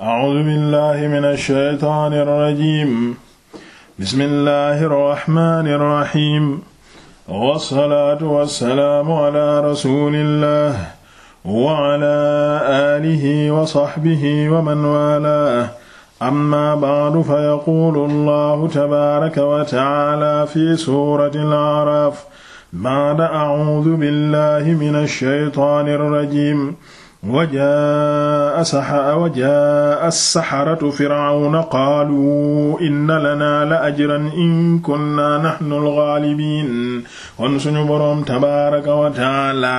A'uuzu billaahi mina shaytaani rajiim bismillaahi rahmaani rahiim wassalaatu wassalaamu alaa rasuulillah wa alaa aalihi wa sahbihi wa man waalaahu amma ba'du fa yaquulu Allahu tabaaraka wa ta'aalaa fi suuratil A'raaf ba'da a'uuzu billaahi mina shaytaani rajiim wajaa saxa wajaa as-saxaratu firawna qaalu inna lanaa la ajran in kunna naxnu al-gaalibiin kon suñu boroom tabaaraka wa taala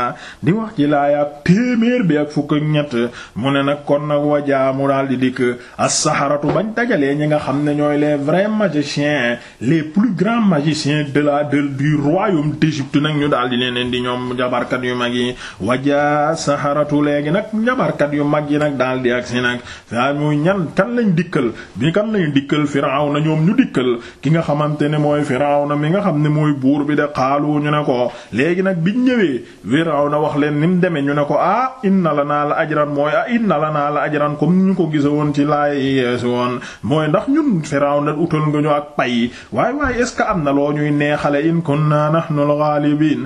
di wax ci laayaab téeméer bi ak fukk ak ñett mu ne nag kon nag wajaa mu daal di dikk as-saxaratu bañ dajalee ñi nga xam ne ñooy les vrais magiciens les plus grands magiciens de la de du royaume d'Égypte nag ñu daal di leen di ñoom jabarkat yu mag yi wajaa saxaratu léegi léegi nag njabarkat yu mag yi nag daal di ak si nag daa muy ñan kan lañ dikkal bi kan lañ dikkal Firawna ñoom ñu dikkal ki nga xamante ne mooy Firawna mi nga xam ne mooy buur bi de xaalu ñu ne ko léegi nag bi biñ ñëwee Firawna wax leen ni mu demee ñu ne ko ah inna la naa la ajran mooy ah inna la naa la ajran comme ñu ko gisa woon ci laay yeesu woon mooy ndax ñun Firawna utal nga ñu ak pay waaye waaye est-ce que am na loo ñuy neexale in kunna nahnu al-ghalibin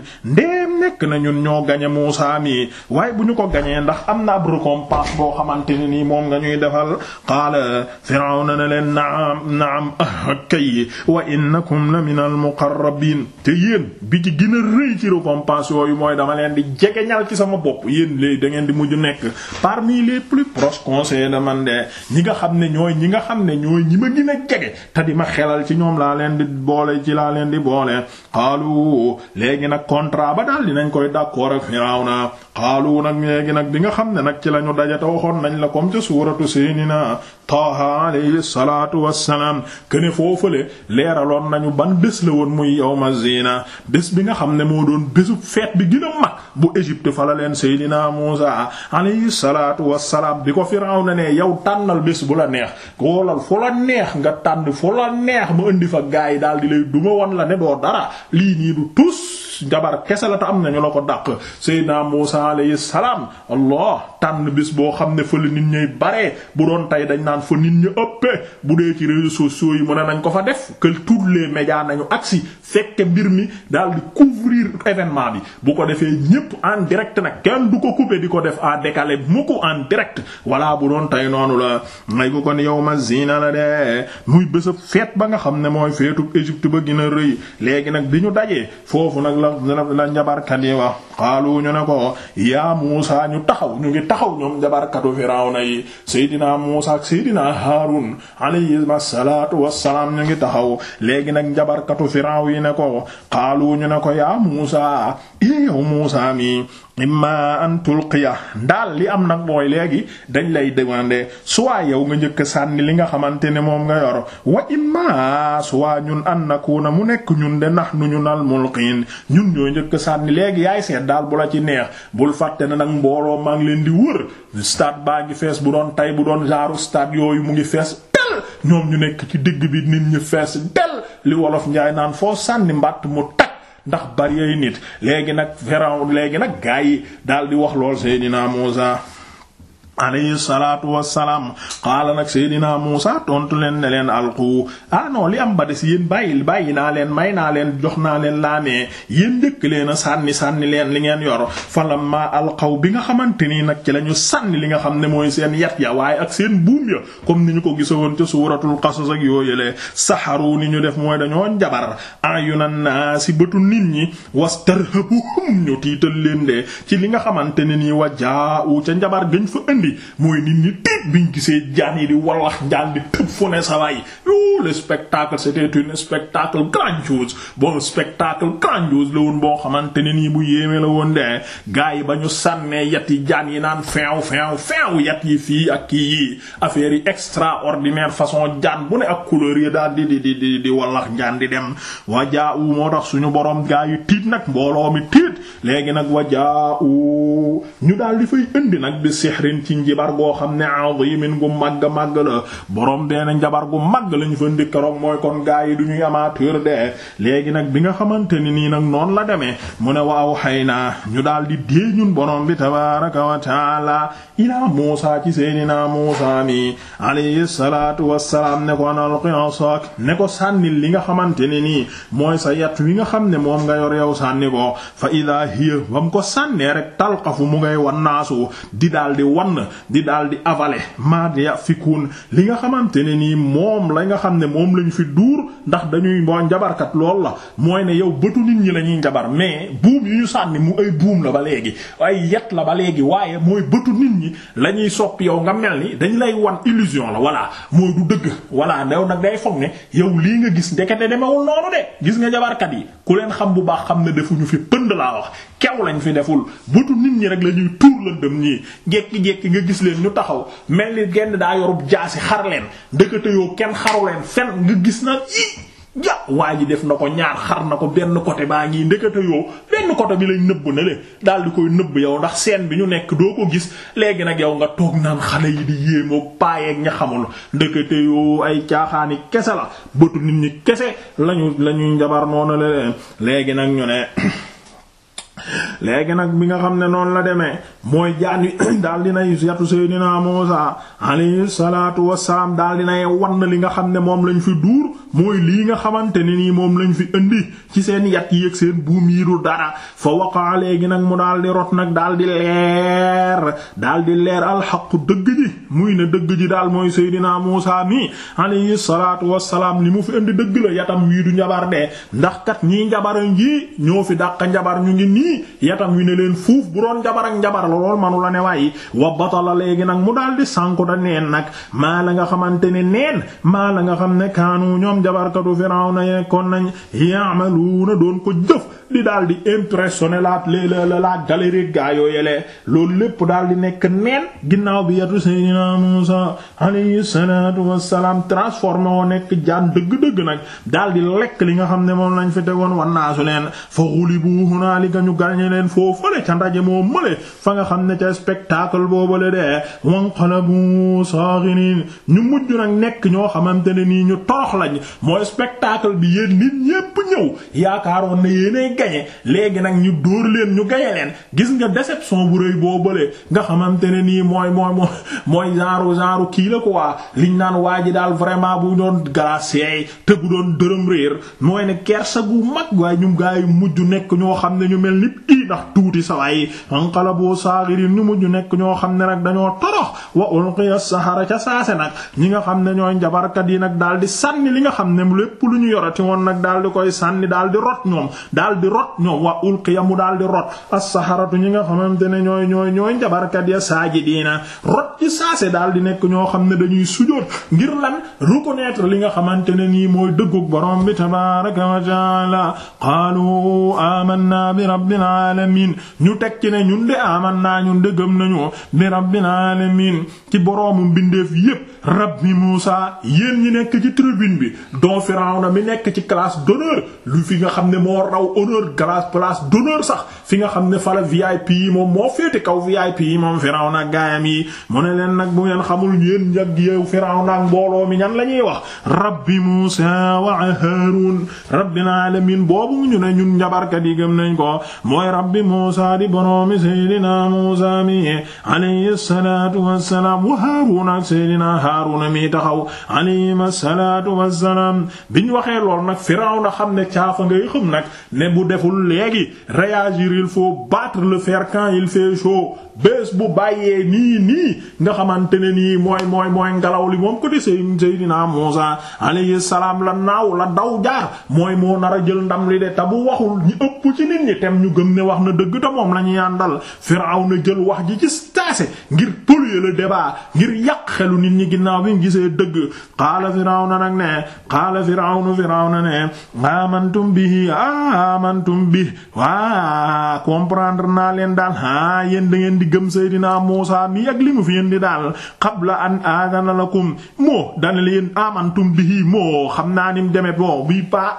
nekk na ñun ñoo gañe Muusaa mi waaye bu ñu ko gañee ndax am na ab récompense boo xamante ne nii moom nga ñuy defal qaala Firawna ne leen naam naam ah, kay wa innakum la min al muqarrabin te yéen bi ci gën a rëy ci récompense yooyu mooy dama leen di jegeñal ci sama bopp yéen léegi dangeen di mujj nekk parmi les plus proches conseillers de man de ñi nga xam ne ñooy ñi nga xam ne ñooy ñi ma gën a jege te di ma xelal ci ñoom laa leen di boole ci laa leen di boole xaalu léegi nag contrat ba daal dinañ koy d'accord ak Firawna xaalu nag léegi nag bi nga xam ne nag ci la ñu dajate waxoon nañ la comme ca suuratu seydina Taaha alayhi salaatu wassalaam këne foofule leeraloon nañu ban bés la woon muy yawma zina bés bi nga xam ne moo doon bésu feet bi gën bu Égypte fa la leen seydina Muusa alayhi salaatu wassalaam bi ko Firawna ne yow tànnal bés bu la neex woolal fu neex nga tànn fu neex ma indi fa gaay yi daal di lay duma won la ne doo lii nii du jabar kese am nañu la ko dàq Muusa alayhi salaam allah tànn bés boo xam ne fa la nit ñuy baree bu doon tey dañ naan fa nit ñu ëppee bu dee ci réseaux sociaux yi mu ne nañ ko fa def que tous les médias nañu agsi fekke mbir mi daal di couvrir événement bi bu ko defee ñépp en direct nag kenn du ko couper di ko def à décalé mu ko en direct voilà bu doon tey noonu la may ko kon yow ma zina la de muy bésab feet ba nga xam ne mooy feetub Égypte ba gën a rëy léegi nag bi ñu dajee foofu nag la la njabarkat yi wax xaalu ñu ne ko yaa Muusa ñu taxaw ñu ngi taxaw ñoom jabarkatu Firawna yi Seydina Muusa ak Seydina Haarun alayhi salaatu wassalaam ñu ngi taxaw léegi nag jabarkatu Firawna yi ne ko xaalu ñu ne ko yaa Muusa yow Muusa mi imma an tulqiya ndaal li am nag mooy léegi dañ lay demander soit yow nga njëkk sànni li nga xamante ne moom nga yor wa imma soit ñun an na mu nekk ñun de nax nu ñu nal mulqiin ñun ñoo njëkk sànni léegi yaay seet daal bu la ci neex bul fàtte ne nag mbooloo maa ngi leen di wër stade baa ngi fees bu doon tay bu doon genre stade yooyu mu ngi fees del ñoom ñu nekk ci digg bi nit ñi fees del li wolof njaay naan foo sànni mbàtt mu ndax bari ay nit léegi nag Firawna léegi nag gaa yi daal di wax lool Seydina Muusaa alayhi salaatu wassalaam qaala nag seydinaa Muusa tontu leen ne leen alqu ah non li am ba des yéen bàyyil bàyyi naa leen may naa leen jox naa leen laa laamee yéen njëkk leen a sànni sànni leen li ngeen yor falamma alxaw bi nga xamante nii nag ci lañu sànni li nga xam ne mooy seen yat ya waaye ak seen buum ya comme ni ñu ko gisawoon ca suuratul qasas ak yooyale saxaru ni ñu def mooy dañoo njabar ayunan naa si bëtu nit ñi wastarhabuhum ñu tiital leen de ci li nga xamante ne nii wa jaa u njabar gëñ fa indi mooy nit ñi tiit biñ gisee jaan yi di wallax jaan di tëb fu ne sa waay yo le spectacle c'était un spectacle grandiose bon spectacle grandiose la woon boo xamante ne nii bu yéeme la woon de gaa yi ba ñu sànnee yat yi jaan yi naan feew feew feew yat yi fii ak kii yi affaire yi extraordinaire façon jaan bu ne ak couleur yi daal di di di di di wallax jaan di dem wajaa u moo tax suñu borom gaa yi tiit nag mbooloo mi tiit léegi nag wajaa u ci njibar goo xam ne azimin gu màgg màgg la borom dee na njabar gu màgg lañu fa ndikkaroog mooy kon gaa yi du ñuy amateur de léegi nag bi nga xamante ni nii nag noon la demee mu ne wa xëy na ñu daal di dee ñun borom bi tabaraka wa taala ilaa Muusaa ci seydinaa Muusaa mi alayhi salaatu wassalaam ne ko alqi asaak ne ko sànnil li nga xamante ne nii mooy sa yat wi nga xam ne moom nga yor yow sànni ko fa idaa hiya bam ko sànnee rek talqafu mu ngay wannaasu di daal di daal di avaler ma yafikuun li nga xamante ne nii moom la nga xam ne moom lañu fi duur ndax dañuy moo njabarkat lool la mooy ne yow bëtu nit ñi la ñuy njabar mais buum yu ñu sànni mu ay buum la ba léegi ay yet la ba léegi waaye mooy bëtu nit ñi la ñuy soppi yow nga mel ni dañu lay wan illusion la voilà mooy du dëgg voilà yow nag day foog ne yow lii nga gis ndekete demewul noonu de gis nga njabarkat yi ku leen xam bu baax xam ne defuñu fi pënd laa wax kew lañ fi deful butu nit ñi rek la ñuy tuur lëndëm ñii jekki-jekki nga gis leen ñu taxaw mel ni genn daa yorub jaasi xar leen dëkkate yoo kenn xaru leen fen nga gis na i ja ji def na ko ñaar xar na ko benn côté baa ngi ndekete yoo côté bi lañ nëbb na daal di koy nëbb yow ndax seen bi ñu nekk doo ko gis léegi nag yow nga toog naan xale yi di yéemoo paayeeg ña xamul ndekete yoo ay caaxaani kese la bëtu nit ñi kese lañu lañuy njabar noonu la leen léegi nag ñu ne léegi nag bi nga xam ne noonu la demee mooy jaan wi di dinay yatu Seydina Muusa alayhi salaatu wassalaam daal dinay wan li nga xam ne moom lañu fi duur mooy lii nga xamante ne nii moom lañu fi indi ci seen yat yi ak seen buum yi du dara fa waqaa léegi nag mu daal di rot nag daal di leer daal di leer alxaqu dëgg ji muy ne dëgg ji daal mooy Seydina Muusa mi alayhi salaatu salaam li mu fi indi dëgg la yatam wii du njabar de ndax kat ñii njabar ngi fi dàq njabar ñu ngi nii yatam wi ne leen fuuf bu doon njabar ak njabar la lool manu la ne waaye wa batala léegi nag mu daal di sànku neen nag maa la nga xamante ne neen maa la nga xam ne kaanu ñoom jabarkatu Firawna yekkoon nañ ya'maluna doon ko jëf di daal di impressionné la la la galerie gaa yoo yele loolu lépp daal di nekk neen ginnaaw bi yatu Seydina Muusa alayhi salaatu wassalaam transformé woo nekk jaan dëgg-dëgg nag daal lekk li nga xam ne moom lañ fi tegoon gañe leen foofale ca ndaje moo mële fa nga xam ne ca spectacle boobale dee wanqalabu saaghirin ñu mujj nag nekk ñoo xamante ne nii ñu torox lañ mooy spectacle bi yéen nit ñépp ñëw yaakaaroon na yéenay gañe léegi nag ñu dóor leen ñu gañe leen gis nga déception bu rëy boobale nga xamante ne nii mooy mooy mooy mooy genre genre kii la quoi liñ naan waa ji daal vraiment bu doon glacé te bu doon dërëm réer mooy ne kersa gu mag waaye ñu mel i ndax tuuti sawaay anqalabu saaxirin ñu nekk ñoo xam ne nag dañoo torox wa ulqiya sahara ca saase nag ñi nga xam ne ñooy njabarkat yi nag daal di sànni li nga xam ne lépp lu ñu yorati woon nag daal di koy sànni daal di rot ñoom daal di rot ñoom wa ulqiya mu daal di rot as-saharatu ñi nga xamante ne ñooy ñooy ñooy njabarkat ya saajidiina rot ci saase daal di nekk ñoo xam ne dañuy sujóot ngir lan reconnaître li nga xamante ne nii mooy dëggug borom bi tabaaraka wa ta'aala qaalu aamanna alamin ñu teg ci ne ñun de aman naa ñun de gëm nañu bi rabbil alamin ci boroomu mbindeef yépp rabbi Muusa yéen ñi nekk ci tribune bi don Firawna mi nekk ci classe d'honneur lu xam ne moo raw honneur classe place sax fi nga xam ne fala VIP yi moom moo féete kaw VIP yi moom Firawna ak gaayam yi mu ne leen nag bu ngeen xamul yéen njag yeew Firawna ak mbooloo mi ñan la ñuy wax rabbi Muusa wa Haarun rabbil alamin boobu ñu ne ñun njabarkat yi gëm nañ ko mooy rabbi Muusaa di boroomi seydinaa Muusaa mi alayhi salaatu wassalaam wa Haaruuna ak seydinaa Haaruuna mi taxaw alayhima wassalaam biñ waxee lool nag Firawna xam ne caafa ngay xam nag ne bu deful léegi réagir il faut battre le fer quand il fait bés bu bàyyee nii nii nga xamante ne nii mooy mooy mooy ngelaw li moom ko di Seydina Muusaa alayhi salaam la naaw la daw mooy moo nar a jël ndam li de te bu waxul ñu ëpp ci nit ñi tem ñu gëm ne wax na dëgg te moom la ñu yàndal Firawna jël wax ji ci taase ngir polluer le débat ngir yàq xelu nit ñi ginnaaw bi ñu gisee dëgg qaala Firawna nag ne qaala Firawnu Firawna ne amantum bihi amantum bihi waa comprendre naa leen daal ah yéen da ngeen di gëm Seydina Muusaa mi ak li mu fi indi daal qabla an aadana lakum moo dana leen amantum bihi moo xam naa ni mu demee bon bii pas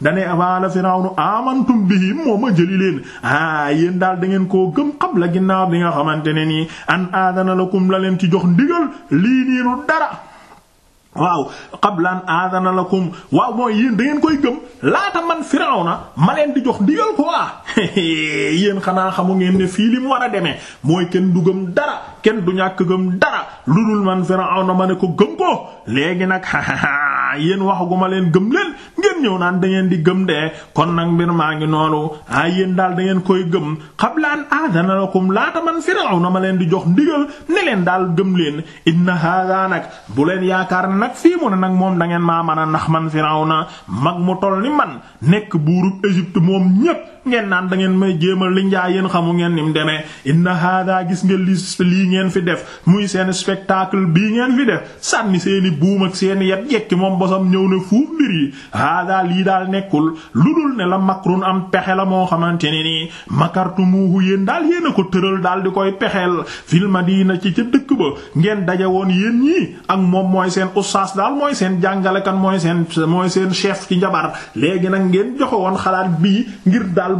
dane avala Firawnu amantum bihi moo ma jëli leen ah yéen daal da ngeen koo gëm xam ginnaaw bi nga xamante ne nii an aadana lakum la leen ci jox ndigal lii nii lu dara. waaw qablan aadana lakum waaw mooy yéen da ngeen koy gëm laata man Firawna ma leen di jox ndigal ko waa yéen xanaa xamu ngeen ne fii li mu war a deme mooy kenn du gëm dara kenn du ñàkk gëm dara lu dul man Firawna ma ne ko gëm ko léegi nag yéen waxaguma leen gëm leen ngeen ñëw naan da di gëm de kon nag mbir maa ngi noonu ah yéen daal dangeen koy gëm qabla an aadana lakum laata man na ma leen di jox ndigal ne leen daal gëm leen inna hada nag bu leen yaakaar ne nag fii mu ne nag moom da ngeen maa mën a nax man Firawna mag mu toll ni man nekk buurub Égypte moom ñépp ngeen naan da ngeen may jéemal li njaa yéen xamu ngeen ni mu demee inna hada gis nga li lii ngeen fi def muy seen spectacle bii ngeen fi def sànni seeni buum ak seeni yet jekki moom bosam ñëw ne fuuf mbir yi hada lii daal nekkul lu dul ne la makrun am pexe la moo xamante ne nii makartumuhu yéen daal yéen a ko tëral daal di koy pexeel fil madina ci ca dëkk ba ngeen daje woon yéen ñii ak moom mooy seen ustaas daal mooy seen jàngalekan mooy seen mooy seen chef ci njabar léegi nag ngeen joxe xalaat bii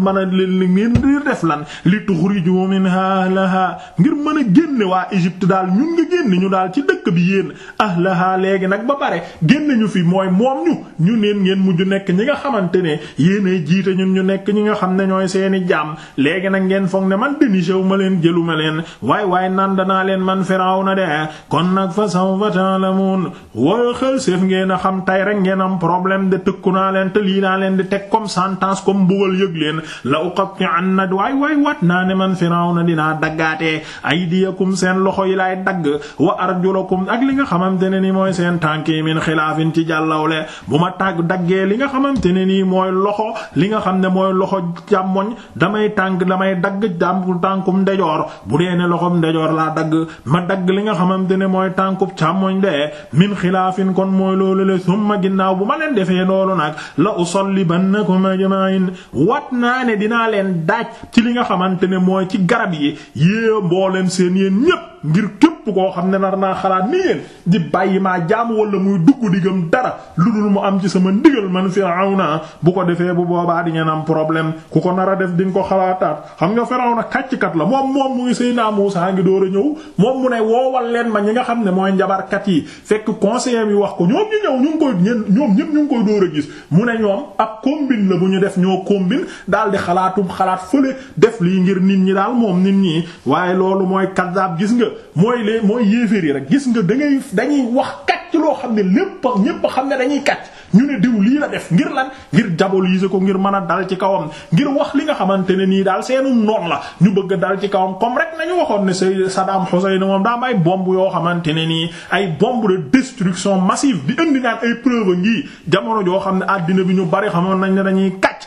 daal a leen li ngeen di def lan li tuxriju minha ahlaha ngir mën a génne waa Égypte daal ñun nga génne ñu daal ci dëkk bi yéen ahlaha léegi nag ba pare génne ñu fi mooy moom ñu ñu neen ngeen mujj nekk ñi nga xamante ne yéenay jiite ñun ñu nekk ñi nga xam ne ñooy seeni jaam léegi nag ngeen foog ne man déniché wu ma leen jëluma leen waaye waay naan naa leen man na de kon nag fa sawfa ta'lamun wal xel seef ngeen a xam tay rek ngeen am problème de tëkku naa leen lii naa leen di teg comme sentence comme mbugal yëg leen la uqatti'anna waay waay waat naa ne man Firawna dinaa daggaatee aydiyakum seen loxo yi laay dagg wa arjulakum ak li nga xamante ne ni mooy seen tànk yi min xilaafin ci jàllawle bu ma tàgg daggee li nga xamante ne nii mooy loxo li nga xam ne mooy loxo càmmoñ damay tànk damay dagg jàmm tànkum ndejoor bu dee ne loxo ndejoor laa dagg ma dagg li nga xamante ne mooy tànkub càmmoñ de min xilaafin kon mooy loolu le summa ginnaaw bu ma leen defee loolu nag la usallibannakum ajma'in wat na naa ne dinaa leen daaj ci li nga xamante ne mooy ci garab yi yée mbooleem seen yéen ñépp ngir képp koo xam ne nar naa xalaat ni yéen di bàyyi maa jaam wala muy dugg di gëm dara lu dul mu am ci sama ndigal man Firawna bu ko defee bu boobaa di ngeen am problème ku ko nar a def di ko xalaataat xam nga Firawna kàcckat la moom moom mu ngi Seydina Muusaa ngi door a ñëw moom mu ne woowal leen ma ñi nga xam ne mooy njabarkat yi fekk conseiller bi wax ko ñoom ñu ñëw ñu ngi koy ñoom ñëpp ñu ngi koy door a gis mu ne ñoom ak combine la bu ñu def ñoo combine daal di xalaatum xalaat fële def lii ngir nit ñi daal moom nit ñi mooy lee mooy yéeféer yi rek gis nga da dañuy wax kàcc loo xam ne lépp ñépp xam ne dañuy kàcc ñu ne diw lii la def ngir lan ngir diaboliser ko ngir mën a dal ci kawam ngir wax li nga xamante ne nii daal seenu noon la ñu bëgg a dal ci kawam comme rek nañu waxoon ne sa Saddam Hussein moom daa am ay bomb yoo xamante ne nii ay bombe de destruction massive di indi naan ay preuve ngi jamono joo xam ne àddina bi ñu bari xamoon nañ ne dañuy kàcc